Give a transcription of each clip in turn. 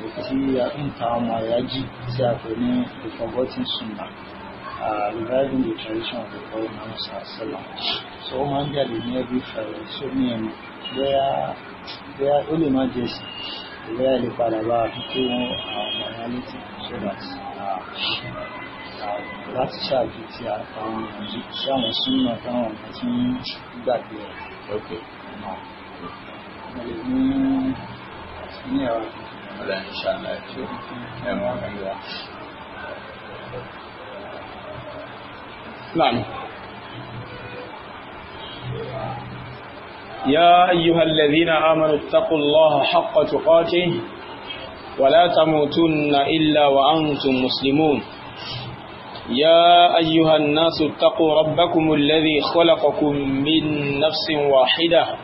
tí a fi ń ta ọmọ ẹ̀yà jì tí a pè ní the forgotten sunnah uh, reviving the tradition of the Prophet Muhammad sallam so ó máa ń jáde ní every Friday so ní ẹnu bóyá bóyá ó lè má jẹ sí bóyá lè padà bá a wọn àwọn ọmọ ẹ̀yà létí so that láti ṣáàjú tí a àwọn ọmọdé tí àwọn súnmọ́ táwọn ọmọ tí ń gbàgbé ẹ̀ ọ̀kẹ́ náà. Mo lè ní ní ẹ̀rọ àkókò. ولا شاء الله نعم يا أيها الذين آمنوا اتقوا الله حق تقاته ولا تموتن إلا وأنتم مسلمون يا أيها الناس اتقوا ربكم الذي خلقكم من نفس واحدة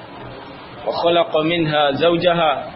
وخلق منها زوجها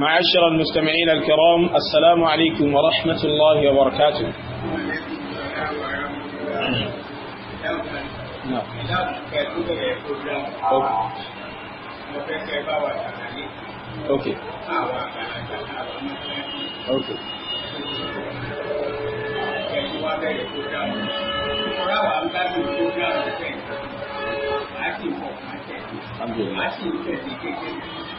معاشر المستمعين الكرام السلام عليكم ورحمة الله وبركاته Okay. Okay. Alhamdulillah.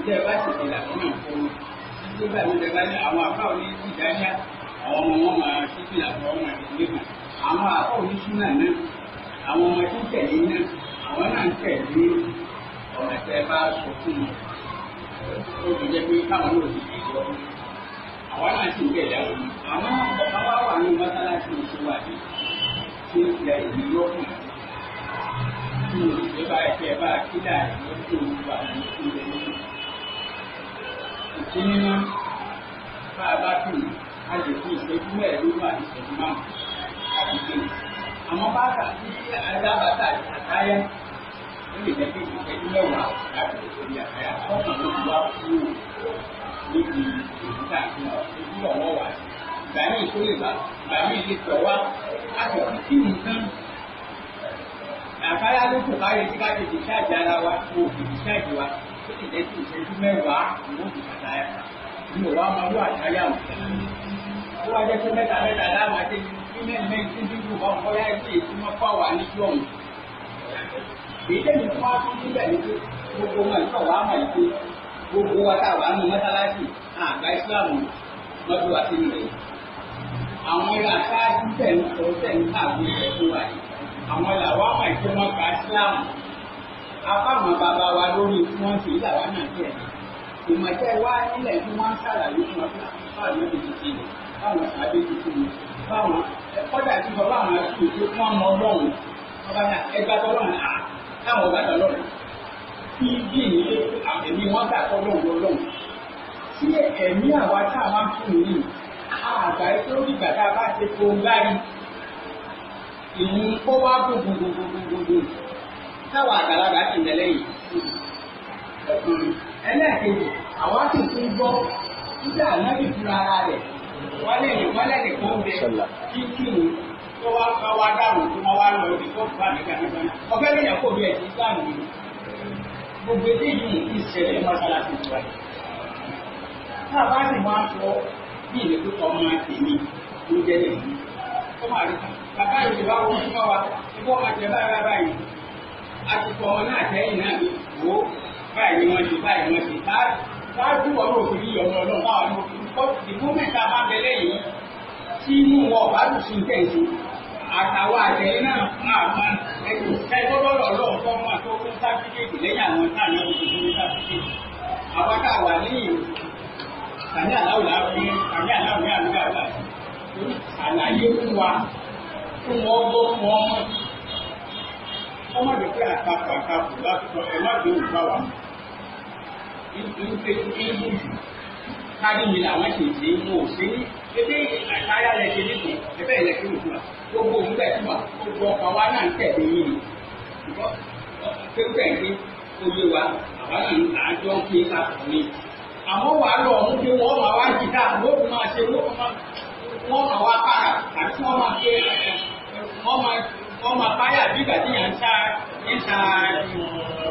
ìjẹ́ bá ti di làkúnà fún un nígbà tó dẹ̀ bá ní àwọn àbáwò ní ìdájá àwọn ọmọ wọn máa ti fi làkúnà wọn àti ilé kan àwọn àbáwò ní súnà náà àwọn ọmọ tó tẹ̀lé náà àwọn náà ń tẹ̀lé ọ̀rọ̀ tẹ́ bá sọ fún wọn ó ti jẹ́ pé káwọn náà ti fi lọ àwọn náà ti ń tẹ̀lé àwọn ọ̀pá wà wà ní mọ́sálásí ìṣòwò àdé tí ó ti ẹ̀ ìlú ọkùnrin tí ó ìlú ọkùnrin wà ní àti níná bá a bá kì í a lè fi ìṣẹ́jú mẹ́ẹ̀ẹ́dógún àti ìṣẹ́jú márùn-ún láti kì í. àmọ́ bá kà sí adábàtà àtàyà ó lè jẹ́ pé ìṣẹ́jú mẹ́wàá láti lè fi àtàyà tọ́kàn ti wá kúrò níbi èyí tá a fi hàn ojú ọ̀wọ́ wà. ìgbà míì tó lè bá ìgbà míì lè tọ̀ wá a sì fi kí nǹkan àtàyà ló kò bá yẹ kí ká tètè ṣáàjì ara wa kò ó sì lé sí ìṣẹ́jú mẹ́wàá ìwọ́n ti ṣàtàyà ní òwá máa wọ àtàyà wò. ó wá jẹ́ pé mẹ́ta mẹ́ta láwọn àti ní mẹ́rin mẹ́rin tí dídùn bá ń bọ́yá ẹgbẹ́ èyí mọ́ fáwà níjú ọ̀hún. èyí tẹ̀lé fún wa tún níbẹ̀ ní pé gbogbo wọn ìtọ̀ wá mọ̀ ìpè gbogbo wa tá a wà nù mọ́sálásì àgbà ìsìlámù lọ́dún wa sínú rẹ̀. àwọn ilé àṣáájú tẹ̀ ń sọ tẹ̀ ń kàwé ẹ̀ fún wa yìí. àwọn ilé àwọn àmọ̀ ìpè afáwọn bàbá wa lórí tí wọ́n fi ìlàwá náà kẹ̀ ìmọ̀tẹ́ wá nílẹ̀ tí wọ́n ń ṣàlàyé fún ọ báwọn ti ti ti báwọn sábẹ́ ti ti báwọn tí wọ́n bá wọn sùn pé wọ́n mọ ọlọ́run ọba náà ẹgbà tọ́lọ́run à táwọn ọba tọ́lọ́run kí bí ìnílé àmì wọn gbà tọ́lọ́run ọlọ́run tí ẹ̀mí àwa tá a máa fún yìí àgbà tó dìgbà tá a bá ṣe tó ń báyìí kó wá gbogbogbogbogbò táwọn àgbàlagbà ti tẹ̀lé yìí. ẹlẹ́ẹ̀kejì àwọn sì tún gbọ́ títí ànábì fúnra ara rẹ̀ wọ́n lè wọ́n lè nìkan bẹ kí kí ni wá bá wá dáhùn tó wá lọ ibi tó bá mi gbàgbé gbàgbé ọ̀fẹ́ lè yàn kó bí ẹ̀sìn Islam yìí gbogbo eléyìí ti ṣẹlẹ̀ mọ́ṣáláṣí ìjọba yìí. tá a bá sì máa sọ bí ìrètò ọmọ tèmi ló jẹ́ lẹ́yìn tó máa rí bàbá yìí bá wọ́n fún wa ẹgbẹ́ ọmọ jẹ báyìí báyìí àtìkọ náà sẹ́yìn náà wò báyìí wọ́n ṣe báyìí wọ́n ṣe bá ṣáájú ọ̀rọ̀ òfin yìí náà báwọn ọmọ òfin kọ́ bá bẹ lẹ́yìn tí inú wọn ọ̀bá tún sí tẹ̀sí àtàwọn àtẹ̀yìn náà máa máa ẹ̀kọ́ ẹ̀kọ́ lọ́dọ̀ ọlọ́run tó máa tó fún sáfíkèèdì lẹ́yìn àwọn táà náà tó fún sáfíkèèdì àwọn táà wà tàbí aláwọ̀ láàbí tàbí aláwọ̀ ní àlùkò àgbà àlàyé fún wa fún wọn gbọ́ fún ọmọ kọ́ má jẹ́ pé àtakò láti sọ ẹ̀ má dé òkúta wà mọ́. Ìgbésẹ̀ ìlú kárí mi làwọn ṣe ṣe ń wò sí ebe àtàrà lẹ ṣe nìkan ẹbẹ ilẹ̀ kí ló fún gbogbo òun bẹ̀ fún gbogbo ọkọ̀ wa náà ń tẹ̀lé yín ni pépè ní wa àwa náà àjọ ń pè ká mi. àmọ́ wà lọ ọ̀hún pé wọ́n máa wá jìdá wọ́n fi máa ṣe wọ́n máa wá para àti wọ́n máa ṣe wọ́n máa wọ́n máa bí ìgbà tí yàn ń sa ń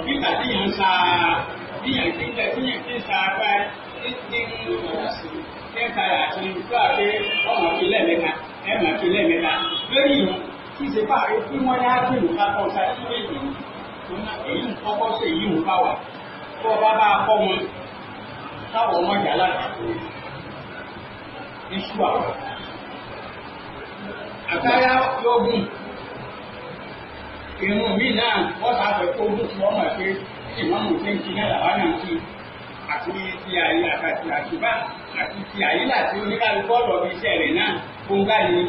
bí ìgbà tí yàn ń sa bí yàn ti ń bẹ̀ tí yàn ti ń sa apá ní ti ń ní ń padà àti ìgbà pé ọmọ fi lẹ́ẹ̀mẹ́ta ẹ̀ máa fi lẹ́ẹ̀mẹ́ta lórí ìwọ̀n tí ìṣe bá rí pé wọ́n yá kí ìlú ká kọ́ sáré sílé èyí ń kọ́kọ́ sí èyí ń bá wà tó ọba bá kọ́ wọn táwọn ọmọ ìjà láti iṣu àwọn. Àgbáyá yóò gùn irun míì náà wọ́n sáfẹ́ kó ojú tí wọ́n mọ̀ pé ìmọ̀mù ṣe ń kí làwọn náà ń kí àti ti àyè àkàtì àṣùbà àti ti àyè láti oníkálukú ọ̀rọ̀ bíi iṣẹ́ rẹ̀ náà gbóngá ni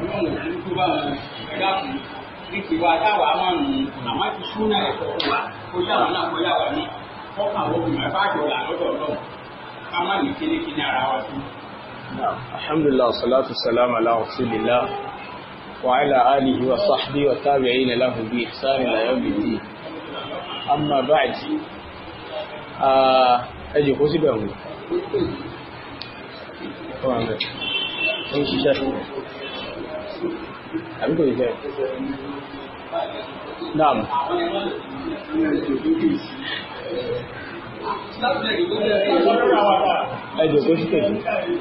ọlọ́run ò tó bá wọn ẹ̀dá fún ní tiwa táwa máa ń nù àwọn ti sún náà ẹ̀kọ́ fún wa kó yàwá náà kó yàwá náà kọ́kà àwọn obìnrin bá jọ là lọ́dọ̀ ọlọ́run ká má ní kélékélé ara wa sí. alhamdulilah salatu salam ala rasulillah. وعلى آله وصحبه وتابعين له بإحسان إلى يوم الدين أما بعد أجي قوسي بأولي نعم أجي قوسي بأولي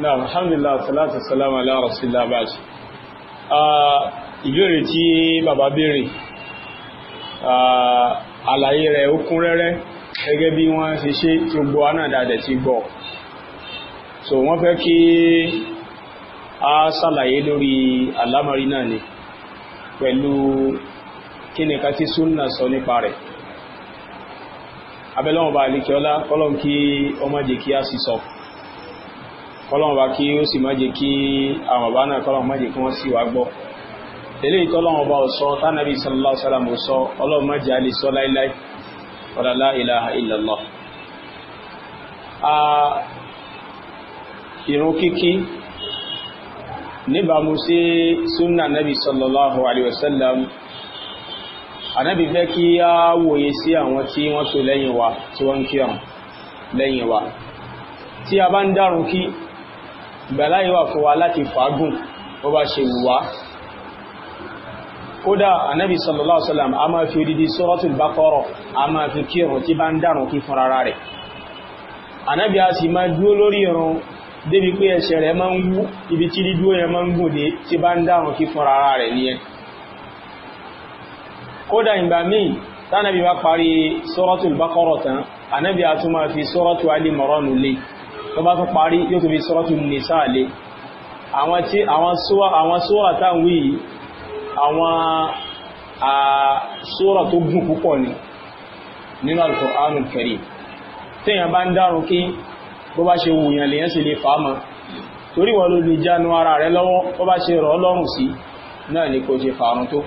Náà, alhamdulillah, salatu salamu ala rasulillah bá ṣe. Ah, ìbéèrè tí bàbá béèrè, ah, àlàyé rẹ̀ ó kún rẹ́rẹ́ gẹ́gẹ́ bí wọ́n ṣe ṣe tí ó gbọ́ anádàdẹ̀ ti gbọ́. So, wọ́n fẹ́ kí a ṣàlàyé lórí àlámọ̀rí náà ni, pẹ̀lú kí nìkan tí súnnà sọ nípa rẹ̀ abẹ́lọ́wọ̀n bá alékẹ́ ọlá kọ́lọ̀n kí ọ má jẹ́ kí a sì sọ kọ́lọ̀n bá kí ó sì má jẹ́ kí àwọn bá náà kọ́lọ̀n má jẹ́ kí wọ́n sì wá gbọ́ ilé ìtọ́lọ́wọ̀n bá sọ tánàbí sallallahu alaihi wasallam sọ ọlọ́run má jẹ́ a lè ànábì fẹ́ kí á wòye sí àwọn tí wọ́n so lẹ́yìn wa tí wọ́n ń kírun lẹ́yìn wa tí a bá ń dárun kí ìgbàláyé wà fún wa láti fàágùn bó bá ṣe wù wá kódà ànábì sallallahu alaihi wasallam a máa fi odidi suratul baqara a máa fi kírun tí bá ń dárun kí fúnra rẹ̀ ànábì a sì máa dúró lórí irun débi pé ẹsẹ̀ rẹ̀ máa ń wú ibi tí dídúró yẹn máa ń gùn dé tí bá ń dárun kí fúnra rẹ̀ nìyẹn kódà ìgbà míì tánàbí bá parí suratul Baqara tán ànábì a fi suratu Ali Imran lé tó bá tún parí yóò tún fi suratu Nisa lé àwọn tí àwọn sóra táwọn yìí àwọn sóra tó gùn púpọ̀ ni nínú Al-Qur'anul Karim téèyàn bá ń dárun kí bó bá ṣe wùyàn lèyàn sì lè fàámọ́ torí wọ́n ló lè jánu ara rẹ̀ lọ́wọ́ bó bá ṣe rọ̀ ọ́ sí náà ni kò ṣe fàárun tó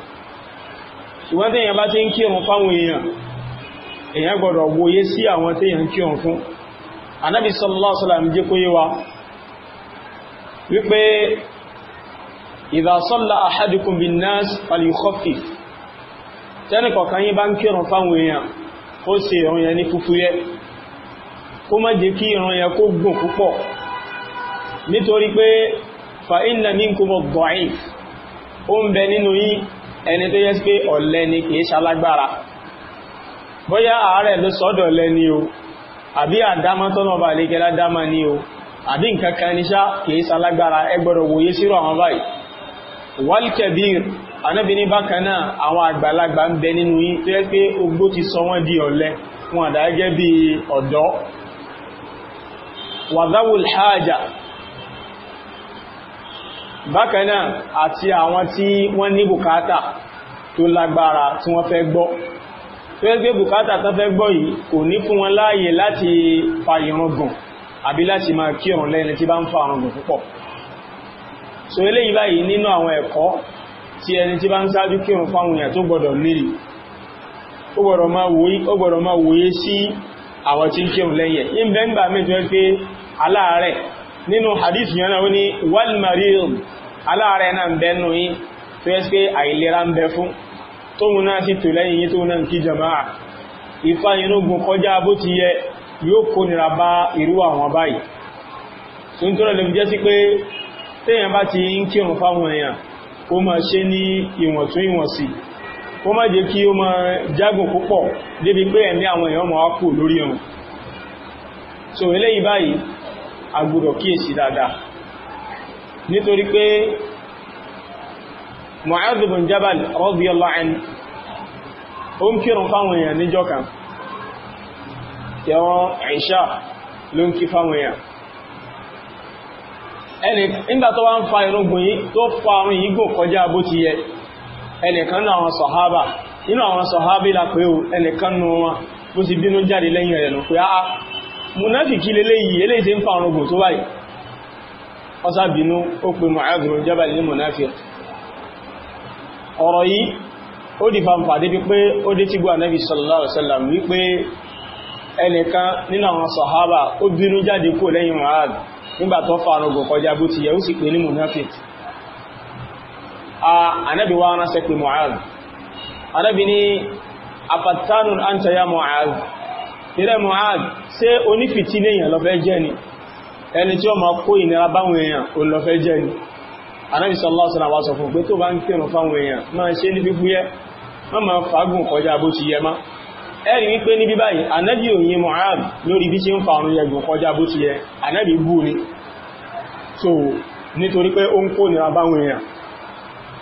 ṣùgbọ́n tí èyàn bá ti ń kírun fáwọn èèyàn èyàn gbọ́dọ̀ wòye sí àwọn tí èyàn kírun fún anábi sallallahu alaihi wasallam jẹ́ kó yé wa wípé idha salla ahadukum bin nas falyukhaffif tẹ́nì kọ̀kan yí bá ń kírun fáwọn èèyàn ó ṣe ìrun yẹn ní nítorí pé fa inna minkum ad-da'if ń bẹ nínú yín ẹni tó yẹ sí pé ọ̀lẹ ni kìí ṣalágbára bóyá ààrẹ ló sọ́dọ̀ ni o àbí àdámọ́ tọ́nà ọba àlékẹ́lá dámà ni o àbí nǹkan kan ní kìí ṣalágbára ẹ wòye sírò àwọn báyìí wálkẹ̀bír anábìíní bákan náà àwọn àgbàlagbà ń bẹ nínú yín tó yẹ pé ogbó ti sọ wọ́n di ọ̀lẹ wọn àdá ọ̀dọ́ bákanáà àti àwọn tí wọ́n ní bùkátà tó lágbára tí wọ́n fẹ́ gbọ́ tó yẹ pé bùkátà tán fẹ́ gbọ́ yìí kò ní fún wọn láàyè láti fa ìrun gùn àbí láti máa kí ọ̀run lẹ́ni tí bá ń fa ìrun gùn púpọ̀ so eléyìí báyìí nínú àwọn ẹ̀kọ́ tí ẹni tí bá ń ṣáájú kírun fáwọn èèyàn tó gbọ́dọ̀ nílì ó gbọ́dọ̀ máa wòye sí àwọn tí ń kírun lẹ́yìn ẹ̀ ń bẹ́ńgbà pé aláàárẹ̀ nínú hadith yẹn náà ó ní wal marid aláàrẹ náà ń bẹ nù yín tó yẹ pé àìlera ń bẹ fún tóun náà sì tò lẹ́yìn yín tóun náà ń kí jama'a ìfà irúgbùn kọjá bó ti yẹ yóò kó nira bá irú àwọn báyìí tó ń tọ́rọ lè jẹ́ sí pé téèyàn bá ti ń kírun fáwọn èèyàn ó máa ṣe ní ìwọ̀ntún ó má jẹ́ kí ó máa jágùn púpọ̀ débi pé ẹ̀mí àwọn èèyàn máa kù lórí ọ̀run so eléyìí báyìí agbúrò kíyèsí dáadáa nítorí pé Mu'adh bin Jabal radiyallahu anhu ó ń kírun fáwọn èèyàn níjọ́ kan tẹ́wọ́n Isha ló ń kí fáwọn èèyàn ẹni nígbà tó wá ń fa irúgbìn yìí tó fa àrùn yìí gò kọjá bó ti yẹ ẹnìkan nínú àwọn sọ̀hábà nínú àwọn ẹnìkan nínú wọn bó ti bínú jáde lẹ́yìn rẹ̀ munafiki lélé yìí eléyìí tí ń fa binu tó báyìí ọsá bínú ó pe mọ̀háàzùrù jẹ́bàlì ní munafiki ọ̀rọ̀ yìí ó di fanfà débi pé ó dé tí sallallahu alaihi wasallam wípé ẹnìkan nínú àwọn sàhábà ó bínú jáde kó lẹ́yìn mu'ad nígbà tó fa ọrùngùn kọjá bó ti yẹ ó sì pè ní munafiki Anabi wa ránṣẹ́ mu'ad ìrẹ́ Mu'ad ṣé onífìtí léèyàn lọ fẹ́ jẹ́ ni ẹni tí ó máa kó ìnira báwọn èèyàn ò lọ fẹ́ jẹ́ ni Ànábì sallallahu alaihi wasallam sọ fún pé tó bá ń kírun fáwọn èèyàn máa ṣe ní fífúyẹ́ wọ́n máa fagùn kọjá bó ti yẹ má ẹ̀rí wípé níbi báyìí Ànábì òyìn Mu'ad lórí bí ṣe ń fa yẹgùn kọjá bó ti yẹ Ànábì bú ni so nítorí pé ó ń kó ìnira báwọn èèyàn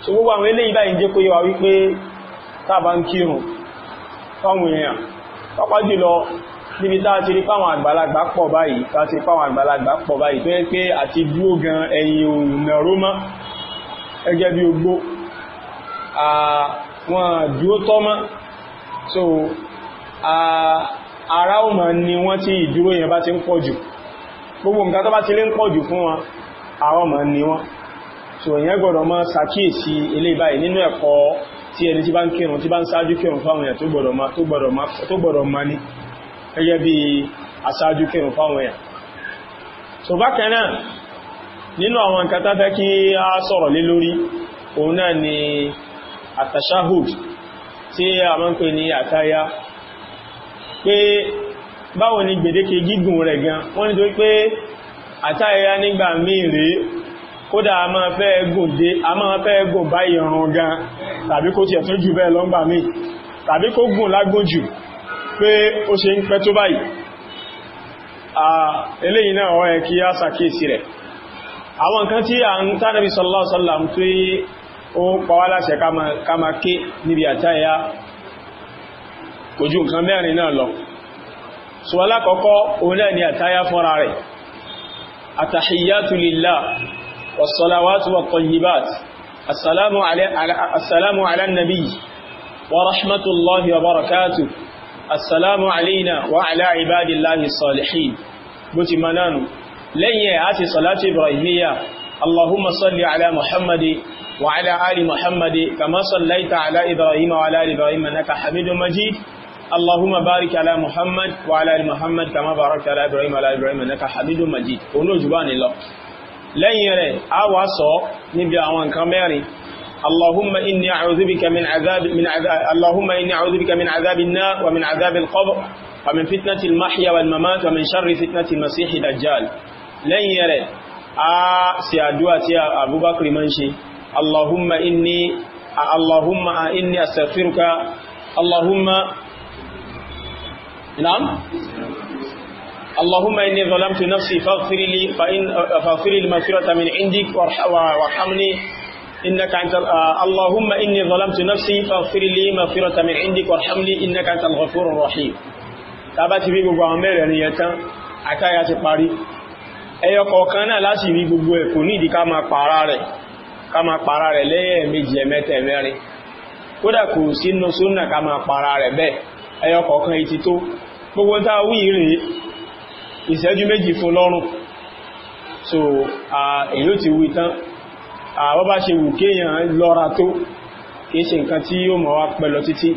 so gbogbo àwọn eléyìí báyìí jẹ́ kó yẹ wa wípé tá bá ń kírun fáwọn èèyàn pàápàá jùlọ níbi tá a ti rí fáwọn àgbàlagbà pọ̀ báyìí tá a ti rí fáwọn àgbàlagbà pọ̀ báyìí tó yẹ pé àti dúró gan ẹ̀yìn òòrùn rómọ́ gẹ́gẹ́ bí ogbó wọn dúró tọ́mọ́ so ara ó mọ̀ ni wọ́n tí ìdúró yẹn bá ti ń pọ̀ jù gbogbo nǹkan tó bá ti lé ń pọ̀ jù fún wọn ara ó mọ̀ ni wọ́n so èèyàn gbọ́dọ̀ mọ̀ ṣàkíyèsí eléyìí báyìí nínú ẹ̀kọ́ tí ẹni tí bá ń kírun tí bá ń sáájú kírun fáwọn èèyàn tó gbọ́dọ̀ ma ní gẹ́gẹ́ bí asáájú kírun fáwọn èèyàn so bákan náà nínú àwọn nǹkan tá fẹ́ kí a sọ̀rọ̀ lé lórí òun náà ni àtàṣáhùd tí a máa ń pè ní àtáyá pé báwo ni gbèdéke gígùn rẹ̀ gan wọ́n nítorí pé àtáyá nígbà míì rèé kódà a máa fẹ́ gòdé a máa fẹ́ gò bá ìrun gan tàbí kó tiẹ̀ tún jù bẹ́ẹ̀ lọ́ngbà míì tàbí kó gùn lágùn jù pé ó ṣe ń pẹ́ tó báyìí eléyìí náà ó yẹ kí a ṣàkíyèsí rẹ̀ àwọn nǹkan tí a ń tánàbí sallallahu alaihi wasallam tó yí ó pàwà láṣẹ ká máa ké níbi àtáyà kò ju nǹkan mẹ́rin náà lọ so alákọ̀ọ́kọ́ òun náà ni àtáyà fúnra rẹ̀ àtàhíyátù lillah والصلوات والطيبات السلام على السلام على النبي ورحمة الله وبركاته السلام علينا وعلى عباد الله الصالحين بوتي منانو لن يأتي صلاة إبراهيمية اللهم صل على محمد وعلى آل محمد كما صليت على إبراهيم وعلى آل إبراهيم أنك حميد مجيد اللهم بارك على محمد وعلى آل محمد كما باركت على إبراهيم وعلى آل إبراهيم أنك حميد مجيد ونجبان الله lẹ́yìn rẹ̀ a wà sọ níbi àwọn nǹkan mẹ́rin اللهم إني أعوذ بك من عذاب من عذاب اللهم إني أعوذ بك من عذاب النار ومن عذاب القبر ومن فتنة المحيا والممات ومن شر فتنة المسيح الدجال لن يرى آه سيادوا سيا أبو بكر منشي اللهم إني اللهم إني أستغفرك اللهم نعم اللهم إني ظلمت نفسي فاغفر لي فإن فاغفر لي المغفرة من عندك وارحمني إنك أنت اللهم إني ظلمت نفسي فاغفر لي مغفرة من عندك وارحمني إنك أنت الغفور الرحيم tabati bi gbogbo àwọn mẹ́rẹ̀ ni ẹ̀tán àkáyà ti parí ẹyọ kọ̀ọ̀kan náà láti rí gbogbo ẹ̀ kò ní ìdí ká máa pààrà rẹ̀ ká máa pààrà rẹ̀ lẹ́ẹ̀mejì ẹ̀mẹ́tẹ̀ mẹ́rin kódà kò sínú súnà ká máa pààrà rẹ̀ bẹ́ẹ̀ ẹyọ kọ̀ọ̀kan ìtító gbogbo táa wí rèé ìṣẹ́jú méjì fún lọ́rùn so èyí ó ti wù tán àwọn bá ṣe wù kéèyàn lọ́ra tó kìí ṣe nǹkan tí yóò mọ̀ wá pẹ̀lọ títí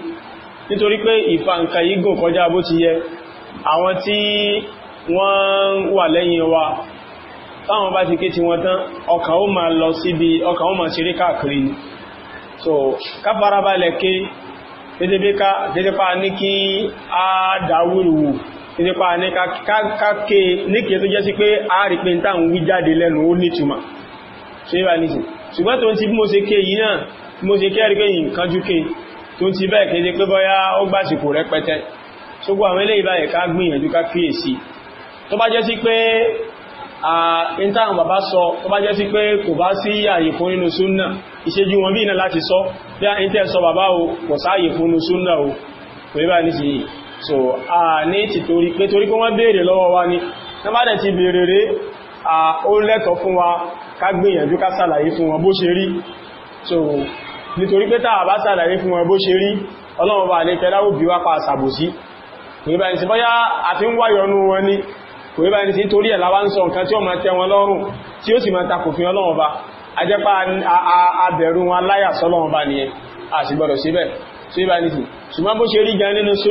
nítorí pé ìfà nǹkan yìí gùn kọjá bó ti yẹ àwọn tí wọ́n wà lẹ́yìn wa táwọn bá ti ké ti wọn tán ọkàn ó máa lọ síbi ọkàn ó máa ṣeré káàkiri ni so ká farabalẹ̀ ké dédébé ká dédébá ní kí á dáwúrúwù nípa ní káké níkè tó jẹ́ sí pé ààrí pé tá ń wí jáde lẹ́nu ó nítumọ̀ ṣe bá nìsìn ṣùgbọ́n tó ń ti bí mo ṣe ké yìí náà mo ṣe kẹ́rí pé nǹkan jú ké tó ń ti bẹ́ẹ̀ kéde pé bọ́yá ó gbàsìkò rẹpẹtẹ ṣógbó àwọn eléyìí báyìí ká gbìyànjú ká kíyèsí tó bá jẹ́ sí pé ìntàwọn bàbá sọ tó bá jẹ́ sí pé kò bá sí so a ní ti torí pé torí pé wọ́n béèrè lọ́wọ́ wa ni wọ́n bá dẹ̀ ti béèrè rẹ̀ a ó lẹ́tọ̀ fún wa ká gbìyànjú ká sàlàyé fún wọn bó ṣe rí so nítorí pé tá a bá sàlàyé fún wọn bó ṣe rí ọlọ́run bá lè tẹ́lá òbí wá pa àsàbòsí kò yíba ní sí bọ́yá àfi ń wáyọnú wọn ní kò yíba ní sí torí ẹ̀ láwá ń sọ nǹkan tí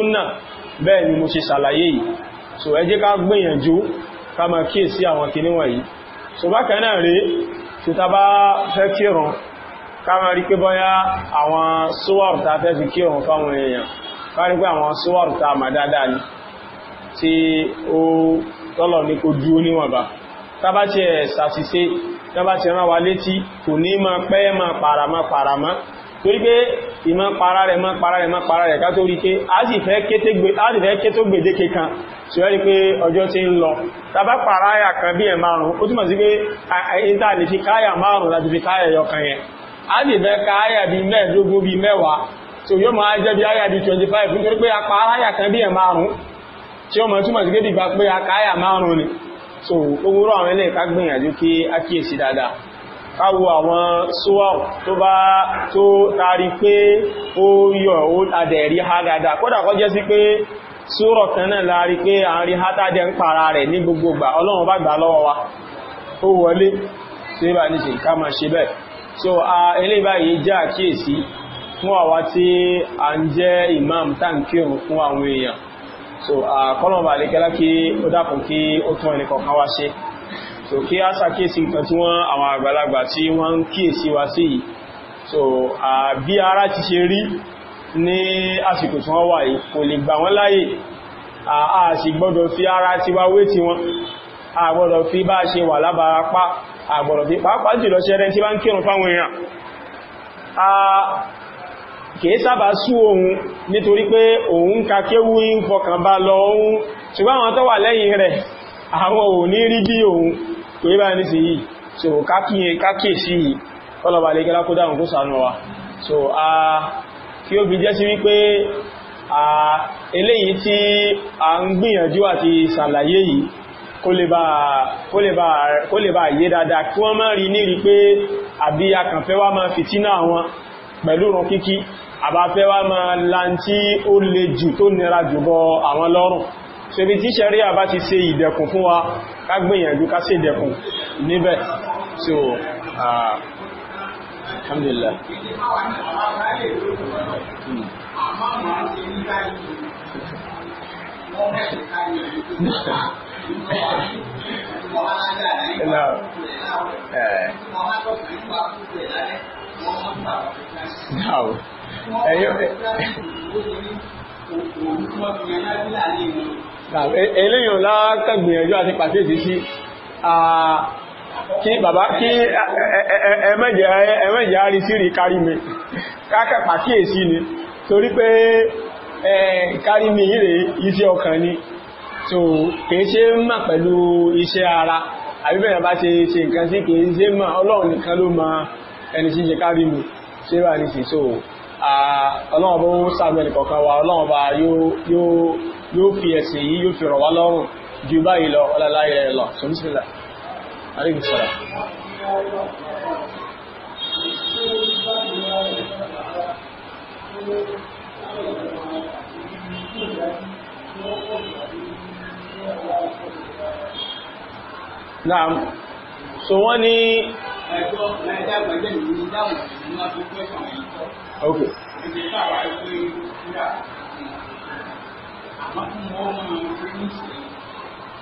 ó bẹ́ẹ̀ ni mo ṣe ṣàlàyé yìí so ẹ jẹ́ ká gbìyànjú ká máa kíyèsí àwọn kinní wọ̀nyí so bákan náà rèé tí ta bá fẹ́ kírun ká máa rí pé bóyá àwọn sówàrù ta fẹ́ fi kírun fáwọn èèyàn ká rí pé àwọn sówàrù ta mà dáadáa ni tí ó tọ́lọ̀ ní kó dúó níwọ̀nba tá bá ti ẹ̀ ṣàṣìṣe tá bá ti rán wa létí kò ní máa pẹ́ máa pàràmọ́ pàràmọ́ torí pé ìmọ̀ para rẹ̀ mọ́ para rẹ̀ mọ́ para rẹ̀ ká tó rí pé a sì fẹ́ ké tó gbèdéke kan tí ó rí pé ọjọ́ ti ń lọ tàbá para àyà kan bí ẹ̀ márùn ó túnmọ̀ sí pé ìta lè fi káyà márùn láti fi káyà yọkan yẹn a sì fẹ́ ká àyà bí mẹ́ẹ̀dógún bí mẹ́wàá tí ó yóò máa jẹ́ bí àyà bí 25 nítorí pé a para àyà kan bí ẹ̀ márùn tí ó mọ̀ túnmọ̀ sí pé bí gbà pé a káyà márùn ni so owó rọ̀ àwọn ilé ìkágbìyànjú kí a kíyèsí dáadáa káwo àwọn sówàwù tó bá tó tari pé ó yọ ó adẹ̀rí ha dada kódà kọ́ jẹ́ sí pé sóòrọ̀ kan náà láàrí pé àárín hátàdẹ̀ ń para rẹ̀ ní gbogbogbà wa ó wọlé tí bá ní so a ilé báyìí jẹ́ àkíyèsí imam tankirun fún àwọn so a kọ́lọ̀ bà lè kẹ́lá kí ó dákun kí ó tún ẹnìkọ̀ọ̀kan wá ṣe so kí a sàkíyèsí nǹkan tí wọ́n àwọn àgbàlagbà tí wọ́n ń kíyèsí wa sí yìí so bí ara ti ṣe rí ní àsìkò tí wọ́n wà yìí kò lè gbà wọ́n láyè a sì gbọ́dọ̀ fi ara ti wá wé ti wọn a gbọ́dọ̀ fi bá ṣe wà lábára pa a gbọ́dọ̀ fi pàápàá jùlọ ṣẹ́rẹ́ tí bá ń kírun fáwọn èèyàn a kìí sábà sú ohun nítorí pé òun ka kéwú ń fọkàn bá lọ ohun ṣùgbọ́n àwọn tó wà lẹ́yìn rẹ̀ àwọn ò ní rí bí òun kò yí bá ní sí yìí so kákíyè sí yìí ọlọ́bà lè gẹ́lá kó a kí ó bí jẹ́ a eléyìí tí a ń gbìyànjú àti ṣàlàyé yìí kó lè bá yé dáadáa kí wọ́n má rí nírí pé àbí akànfẹ́ wá máa fìtínà wọn pẹ̀lú ràn kíkí àbáfẹ́ wá máa lantí ó le jù tó nira jù àwọn lọ́rùn so ibi tí ṣẹ̀rí àbá ti ṣe ìdẹ̀kùn fún wa ká gbìyànjú ká ṣe ìdẹ̀kùn níbẹ̀ so alhamdulillah Now, ẹ̀yọ́ eh, eh, eh. E, eléyìn lákàgbìyànjú àti pàtíyèsí sí kí bàbá kí ẹmẹ́jẹ̀ àrí sírí kárí mi kákẹ́ pàtíyèsí ni torí pé kárí mi yìí rẹ̀ iṣẹ́ ọkàn ni so kìí ṣe mọ̀ pẹ̀lú iṣẹ́ ara àbíbẹ̀rẹ̀ bá ṣe ṣe nǹkan sí kìí ṣe mọ̀ ọlọ́run nìkan ló ma ẹni ṣíṣe kárí mi ṣe wà ní sí so ọlọ́run bó sàbẹ̀ nìkọ̀ọ̀kan wa ọlọ́run bá yóò yóò fi ẹ̀sìn yìí yóò fi rọ̀ wá lọ́rùn ju báyìí lọ ọláláyé lọ sọ́mísílẹ̀ àríkìsọ́lá Naam, so wọ́n ní Okay àwọn tó mọ ọmọ ọmọ ní ṣe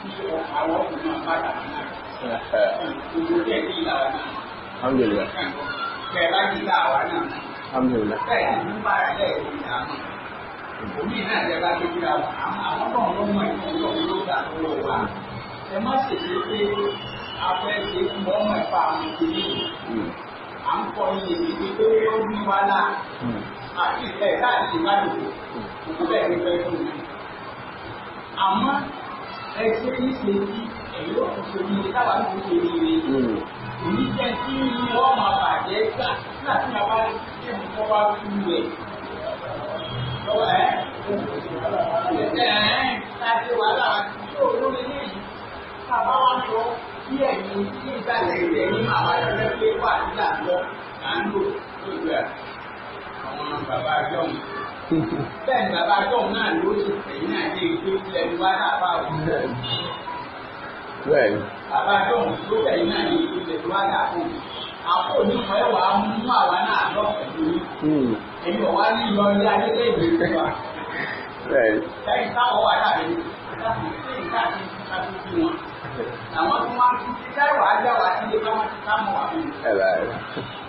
kí àwọn ọkùnrin máa bá dàbí náà gbogbo dẹ̀ ní ìlàwọ̀ náà. alhamdulilayi. bẹ́ẹ̀ bá ní ìlàwọ̀ náà. alhamdulilayi. bẹ́ẹ̀ ni mo bára lẹ̀ ìlà náà. òbí náà jẹ́ bá tó kíra wà àwọn tó ń lọ mọ ìfowópamọ́ ló dà lọ wá. ẹ má ṣèṣe pé afẹ́ ṣe mọ ọmọ ẹ̀fọ́ àwọn ìdílé à ń kọ́ iye ìdílé pé ó bí wa náà àti ìfẹ́ káàdì ìbádòfò òkú hmm. bẹ́ẹ̀ ni fẹ́ fún mi àmọ́ ẹ ṣe ṣe bí ẹ̀yọ́ ọ̀ṣọ́ ní táwa tó ṣe ní ilé hmm. èyí jẹ́ kí wọ́n máa bàjẹ́ gbà nígbà tí bàbá ṣe ń kọ́ wá fún rẹ̀. ẹ̀ ṣáàṣì wàhálà tí olórí ní èyí bàbá wa sọ bí ẹ̀yìn tí ìgbàlẹ̀ rẹ̀ ní àwárí rẹ̀ pé wà nígbà lọ à ń lò lójú ẹ̀ àwọn bàbá àjọ mi bẹ́ẹ̀ ni bàbá tóun náà ló ti ẹ̀yìn náà dé ìgbé tilẹ̀ wá náà bá wù. bẹ́ẹ̀ni. bàbá tóun ló tẹ̀yìn náà dé ìgbé tilẹ̀ wá náà bò àpò onímọ̀ ẹ̀wà mú àwa náà lọ pẹ̀lú èmi hmm. ò ní ìlọ ilé ayé lé ìwé fún wa. bẹ́ẹ̀ni. lẹ́yìn táwọn wà dàbí láti ṣe ìdájí ìdájí sí wọn àwọn tó máa ń tún ti dáwà á dáwà sílé ti ká mọ àwọn ènìyàn.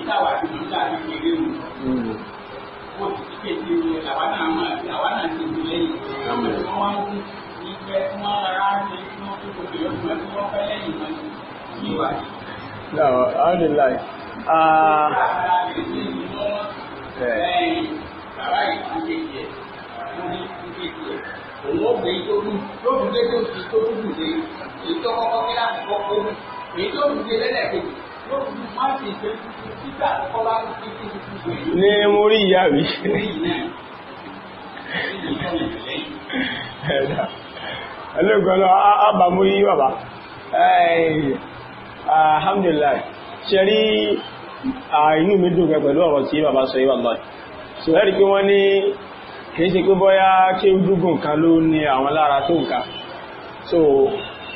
ìdáwà tí mo dá ní eré mu. Mo ti ti kéde ní àwa náà máa fi àwa náà ti di lẹ́yìn. Wọ́n wá ń kú ìgbẹ́ tí wọ́n rárá ṣe tí wọ́n tó gbogbo yọ̀ fún ẹ wọ́n fẹ́ lẹ́yìn wọn ní ìwà yìí. No, I only like. Uh, Òun ó gbé ìtòkù lóògùn tó ti tó kúkú lé, èyí kí láti kọ́kọ́, èyí tó kúkú lé ní mo rí ìyá rí ẹlẹ́gbẹ̀ẹ́lọ àbà mú yí bàbá eh, alhamdulillah ṣe rí inú mi dùn pẹ̀lú ọ̀rọ̀ tí bàbá sọ ìwà lọ́ì so ẹ́rì pé wọ́n ní kìí ṣe pé bọ́yá kí ó dúgùn kan ló ní àwọn lára tó nǹkan so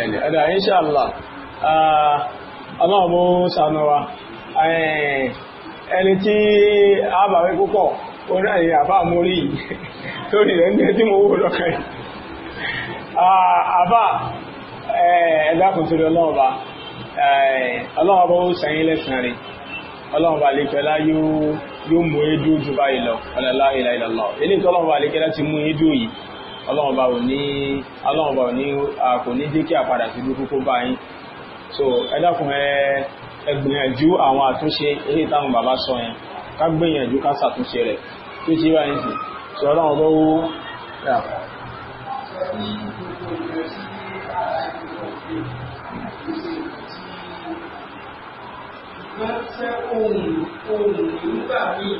ẹni ẹ̀dà inṣàlá ọlọ́ọ̀bọ̀ sànú wa ẹni tí a bà wí púpọ̀ ó náà ni àbá mórí lórí rẹ̀ ní tí mo wó lọ́kẹ́ ah, àbá ẹ̀dàkùn tó lọ́ọ̀bá ọlọ́ọ̀bọ̀ sàyín lẹ́sàn rí ọlọ́ọ̀bà lè fẹ́lá yóò mú ẹdú jù báyìí lọ ọlọ́lá ìlàlọ́ ilé lè kẹ́lá ti mú ẹdú yìí ọlọ́run bá ò ní ọlọ́run bá ò ní kò ní jẹ́ kí àpadà sí burúkú kó bá yín so ẹ dákun ẹ ẹ gbìyànjú àwọn àtúnṣe eléyìí táwọn bàbá sọ yẹn ká gbìyànjú ká ṣàtúnṣe rẹ̀ tó ti wá yín sí so ọlọ́run bó wú. wọ́n ohun ohun nígbà míì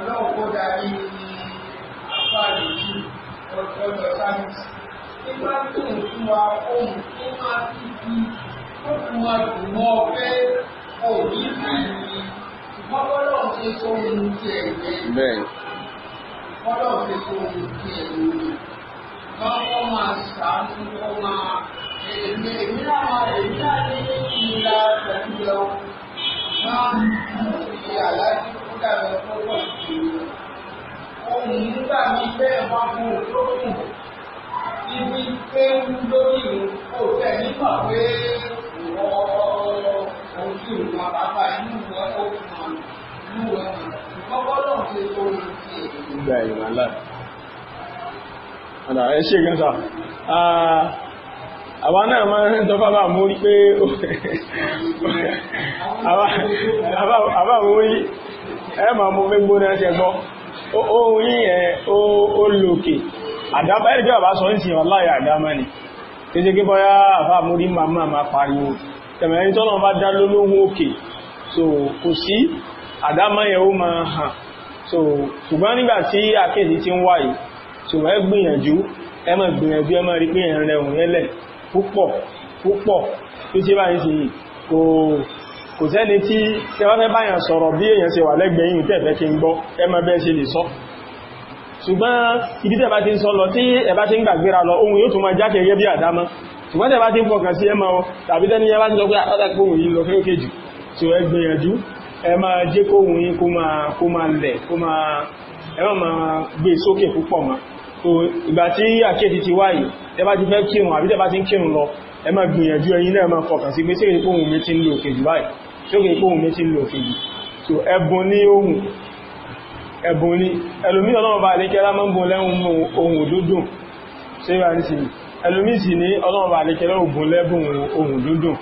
ọlọ́run kó darí ní àpá àdéjú ọjọ́ sáyẹ́ǹsì nígbà tó ń fún wa ohun tó máa ti di tó fún wa dùn mọ́ ọ̀fẹ́ òní báyìí ṣùgbọ́n bọ́lọ̀ ṣe tó ń ti ẹ̀yẹ. bẹ́ẹ̀ bọ́lọ̀ ṣe tó ohun nígbà mi fẹ́ wọn mú olókùn ibi pé ń lórí kò tẹ̀ nígbà pé ìwọ ojú ìwà bàbá inú rẹ̀ ó mọ̀ inú rẹ̀ ìkọ́kọ́ náà ṣe tó ń ṣe ìgbà ìwà láì. Àdà ẹ ṣe gan sá. Àwa náà máa ń tọ́ bàbá mú rí pé àbá mú rí ẹ máa mú fẹ́ gbóná ṣe gbọ́ ohun yíyẹn ó lòkè àdámá ẹ̀rí bí bàbá sọ ń sìn ọláyà àdámá ni kéde kí bọ́yá àbá múrí màmá máa pariwo tẹ̀mẹ̀rẹ́ tọ́nà bá dá lólóhùn òkè so kò sí àdámá yẹn ó máa hàn so ṣùgbọ́n nígbà tí àkéèsí ti ń wáyé so ẹ gbìyànjú ẹ máa gbìyànjú ẹ máa rí pé ẹ̀ rẹ̀ òun yẹn lẹ̀ púpọ̀ púpọ̀ tó ṣe báyìí sí kò kò sẹ́ni tí tẹwàfẹ́ báyàn sọ̀rọ̀ bí èyàn ṣe wà lẹ́gbẹ̀ẹ́ yìí tẹ́ẹ̀fẹ́ kí ń gbọ́ ẹmọ bẹ́ẹ̀ ṣe lè sọ ṣùgbọ́n ibi tẹ́ẹ̀bá ti ń sọ lọ tí ẹ̀bá ti ń gbàgbéra lọ ohun yóò tún máa jákè gẹ́gẹ́ bí àdámọ́ ṣùgbọ́n tẹ́ẹ̀bá ti ń fọkàn sí ẹmọ tàbí tẹ́ni ẹbá ti ah, lọ pé ẹ máa gbìyànjú ẹ̀yin náà máa fọkàn sí pé tí ìpòhùn mi ti ń lò kejì báyìí tí ó kì ìpòhùn mi ti ń lò kejì so ẹbùn ní ohun ẹbùn ní ẹlòmí ọlọ́run bá àlékẹ́lá máa ń bùn lẹ́hùn ohun dúndùn ṣé bá ní sí ẹlòmí sì ní ọlọ́run bá àlékẹ́lá ògùn lẹ́bùn ohun dúndùn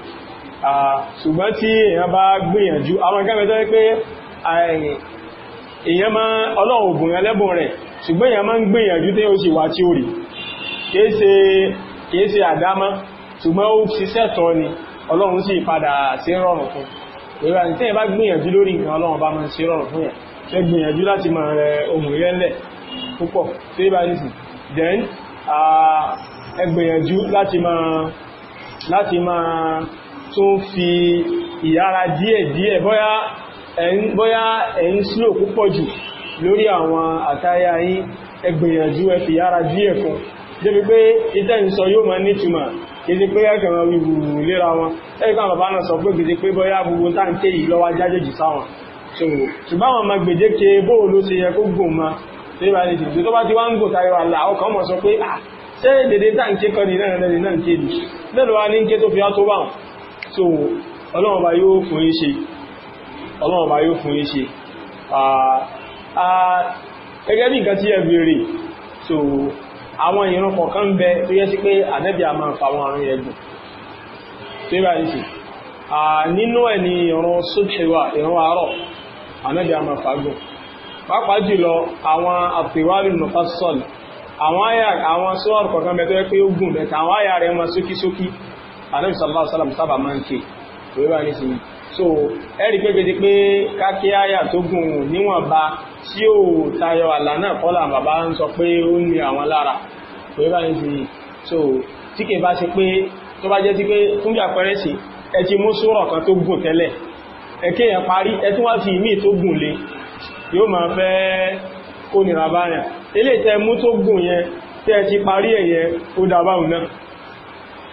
ṣùgbọ́n tí èèyàn bá gbìyànjú àwọn kẹ́mẹ́ tó pé èèyàn máa ọlọ́run ògùn ẹlẹ́bùn rẹ̀ ṣùgbọ́n èèyàn máa ń gbìyànjú tí ó sì wá tí ó rí kìí ṣe àdámọ́ ṣùgbọ́n ó ṣiṣẹ́ tọ́ ni ọlọ́run sì padà sí rọrùn fún ìrora ní tẹ́yìn bá gbìyànjú lórí nǹkan ọlọ́run bá máa ń sí rọrùn fún yẹn ṣe gbìyànjú láti máa rẹ ohun rẹ púpọ̀ tó yẹ ní sìn then ẹ gbìyànjú láti máa láti máa tún fi ìyára díẹ̀ díẹ̀ bóyá bóyá ẹ̀ ń slow púpọ̀ jù lórí àwọn àtáyà yín ẹ gbìyànjú ẹ fi ìyára díẹ̀ fún débi pé ìtẹ́ ìsọ yóò máa nítumọ̀ kìí pé ẹ̀kẹ̀ wọn wíwú léra wọn ẹ̀kọ́ bàbá náà sọ pé kìí pé bóyá gbogbo táǹkì yìí lọ́wọ́ jájèjì sáwọn so ṣùgbọ́n àwọn ọmọ gbèdéke bóò ló ṣe yẹ kó gùn ma lórí bá lè dìbò tó bá ti wá ń gò tayọ àlà ọkọ̀ ọmọ sọ pé à ṣé dèdè táǹkì kan ní náà lẹ́ni náà ń kéde lẹ́nu wa ní ń ké tó fi wá tó bá wọn so ọlọ́run bá yóò fún yín ṣe ọlọ́run bá yóò fún yín ṣe gẹ́gẹ́ bí nǹkan tí ẹ béèrè so àwọn ìrun kọ̀ọ̀kan ń bẹ tó yẹ sí pé ànábì àmà ń fa àwọn àrùn yẹn gùn tó yẹ báyìí sí nínú ẹ̀ ni ìrun sókèwà ìrun àárọ̀ ànábì àmà fa gùn pàápàá jùlọ àwọn àtìwárì nùfàsọ́l àwọn àyà àwọn sọ́ọ̀rù kọ̀ọ̀kan bẹ tó yẹ pé ó gùn bẹ̀ẹ̀ àwọn àyà rẹ̀ wọn sókísókí ànábì sallallahu alaihi sábà máa ń ké tó yẹ báyìí sí so ẹ̀rí pé kejì pé kákí àyà tó gùn níwọ̀nba tí ò tayọ àlà náà kọ́là bàbá ń sọ pé ó ní àwọn lára pé báyìí sí so tí kì bá ṣe pé tó bá jẹ́ sí pé fún bí àpẹẹrẹ sí ẹ ti mú sórọ̀ kan tó gùn tẹ́lẹ̀ ẹ̀kẹ́ yẹn parí ẹ tún wá fi ìmí tó gùn lé yóò máa fẹ́ kó nira báyàn ilé tẹ mú tó gùn yẹn tẹ́ ti parí ẹ̀yẹ ó dá báyìí náà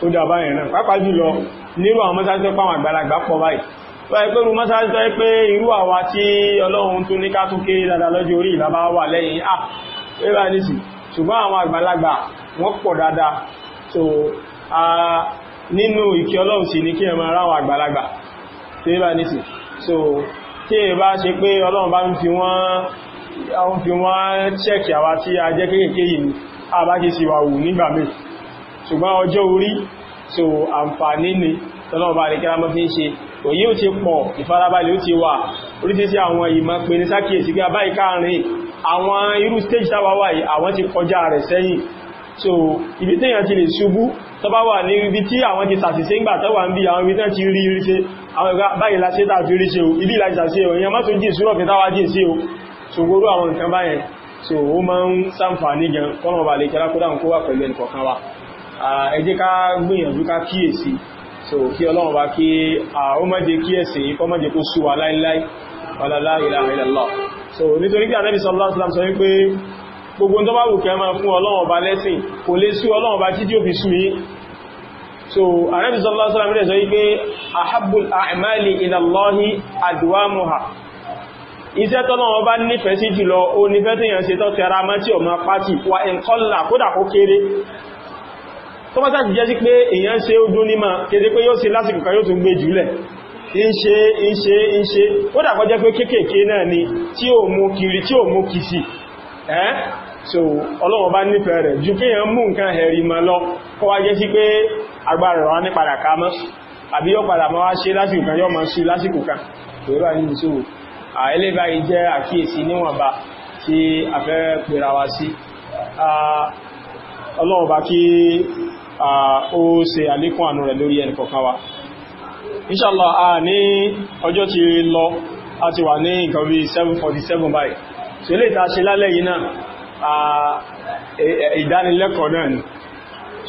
ó dá báyìí náà pápá jùlọ nírú àwọn mọ́sáṣẹ́ pàwọn àgbàlagbà pọ̀ báyìí tó ẹ pé irú mọ́sálásí tó ẹ pé irú àwa tí ọlọ́run tún ní ká tún kéré dáadáa lọ́jọ́ orí ìlàbá wà lẹ́yìn à ẹ̀rọ àdìsí ṣùgbọ́n àwọn àgbàlagbà wọ́n pọ̀ dáadáa tó nínú ìkẹ́ ọlọ́run sì ní kí ẹ máa ráwọn so tí ẹ bá ṣe pé ọlọ́run bá ń fi wọ́n fi wọ́n ṣẹ́kì àwa tí a jẹ́ ni a bá kí sì so àǹfààní ni tọ́lọ́run bá rí òyí ò ti pọ̀ ìfarabalẹ̀ ó ti wà oríṣiríṣi àwọn ìmọ̀ pé ní sákìyèsí pé abáyé káàrin àwọn irú stage táwa wà yìí àwọn ti kọjá rẹ̀ sẹ́yìn so ibi téèyàn ti lè ṣubú tó bá wà ní ibi tí àwọn ti sàṣìṣe ń gbà tó wà ń bí àwọn ibi tán ti rí rí ṣe àwọn ìgbà báyìí láṣẹ́ tà fi rí o ibi ìlàjì sàṣe o ìyẹn mọ́tò jìn súrọ̀ fẹ́ta wá jìn sí o ṣògbórú àwọn nǹkan báyẹn so ó máa ń ṣàǹfààní gan kọ́nà ọba lè kẹ́lá kó dáhùn kó wà pẹ̀lú ẹnìkọ̀ọ̀kan wa ẹ ká gbìyànjú ká kíyèsí so kí ọlọ́run bá kí ó má jẹ́ kí ẹ̀sìn yìí kó má jẹ́ kó sú wa láíláí so nítorí pé Ànábì sallallahu alaihi wasallam sọ wípé gbogbo tó bá wù kẹ́ máa fún ọlọ́run ọba lẹ́sìn kò lè sú ọlọ́run so Ànábì sallallahu alaihi wasallam rẹ̀ sọ wípé ahabbul a'mali ila Allahi adwamuha iṣẹ́ tọ́lọ́wọ́ bá nífẹ̀ẹ́ sí jùlọ ó nífẹ́ tí yàn ṣe tọ́ tẹ́ra mọ́ tí ọmọ pàtì wà tó bá tàbí jẹ́ sí pé èyàn ṣe ó dún níma kéde pé yóò ṣe lásìkò kan yóò tún gbé jùlẹ̀ ń ṣe ń ṣe ń ṣe ó dàkọ́ jẹ́ pé kéékèèké náà ni tí ò mú kiri tí ò mú kìsì ẹ́ so ọlọ́wọ́ bá nífẹ̀ẹ́ rẹ̀ ju kéèyàn mú nǹkan ẹ̀rì mọ́ lọ kọ́ wá jẹ́ sí pé agbára rọ̀ wá ní padà ká mọ́ àbí yọ́ padà máa wá ṣe lásìkò kan a fẹ́ kí ó ṣe àlékún àánú rẹ̀ lórí ẹnì kọ̀ọ̀kan wa inshallah a ní ọjọ́ ti lọ a ti wà ní nǹkan bí 747 báyìí tí ilé ìta ṣe lálẹ́ yìí náà e, e, ìdánilẹ́kọ̀ọ́ náà ni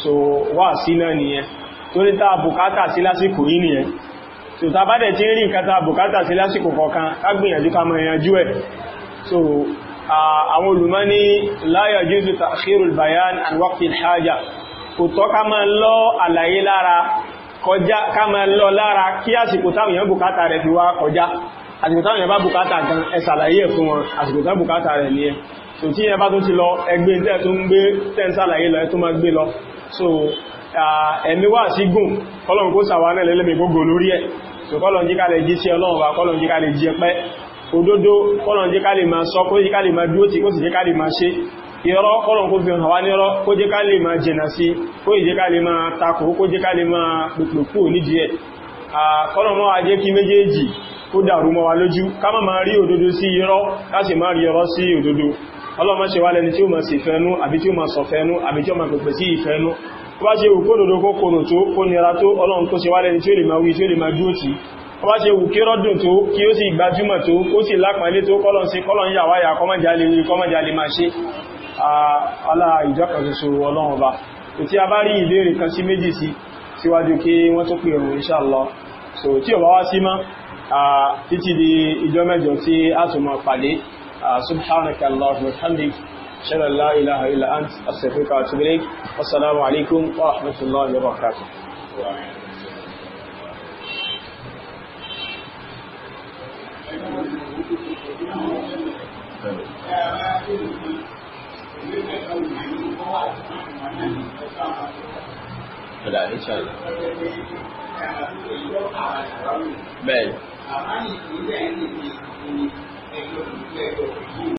so wà sí náà nìyẹn tó ní táà bùkátà sí lásìkò yìí nìyẹn so tàbá dẹ̀ ti rí nǹkan táà bùkátà sí lásìkò kọ̀ọ̀kan ká gbìyànjú ká máa yanjú ẹ̀ so àwọn olùmọ́ ní la yajuzu ta'khirul bayan an waqtil haja kò tọ́ ká máa lọ àlàyé lára kọjá ká máa lọ lára kí àsìkò táwọn èèyàn bùkátà rẹ̀ fi wá kọjá àsìkò táwọn èèyàn bá bùkátà gan ẹ ṣàlàyé fún wọn àsìkò táwọn bùkátà rẹ̀ nìyẹn so tí èèyàn bá tó ti lọ ẹgbẹ́ tẹ́ tó ń gbé tẹ́ ń ṣàlàyé lọ ẹ tó máa gbé lọ so ẹ̀mí wà sí gùn kọ́lọ̀n kó sàwà náà lẹ́lẹ́mì gbogbo lórí ẹ̀ so kọ́lọ̀n jíká lè jí sí ọlọ́run wa kọ́lọ̀n jíká lè jí ẹpẹ́ òdodo kọ́lọ̀n jíká lè máa sọ kó jíká lè máa dúó tí kó sì jíká lè máa ṣe irọ́ kọ́lọ̀kú fi hàn wá nírọ́ kó jẹ́ ká lè máa jìnà sí kó ìjẹ́ ká lè máa takò kó jẹ́ ká lè máa pèpèpò nídìí ẹ̀ kọ́lọ̀ mọ́ ajé kí méjèèjì kó dàrú mọ́ wa lójú ká má máa rí òdodo sí irọ́ ká sì máa rí irọ́ sí òdodo ọlọ́mọ ṣe wá lẹni tí ó máa sì fẹ́nu àbí tí ó máa sọ fẹ́nu àbí tí ó máa pèpè sí ọlọ́run ṣe wá lẹni tí ó bá ṣe wù kí rọ́dùn tó kí ó sì gbajúmọ̀ tó kó sì lápàálé tó kọ́lọ̀ sí kọ́lọ̀ ń yà máa ṣe ọlá ìjọkànṣoṣo ọlọ́run ọba tí a bá rí ìbéèrè kan sí méjì sí síwájú kí wọ́n tó pè òun insha Allah so tí ò bá wá sí mọ́ títí di ìjọ mẹ́jọ tí a tún máa pàdé subhanaka allahumma wa bihamdik ashhadu an Thank you. Ọ̀dà ní ṣàlẹ̀. Bẹ́ẹ̀ni.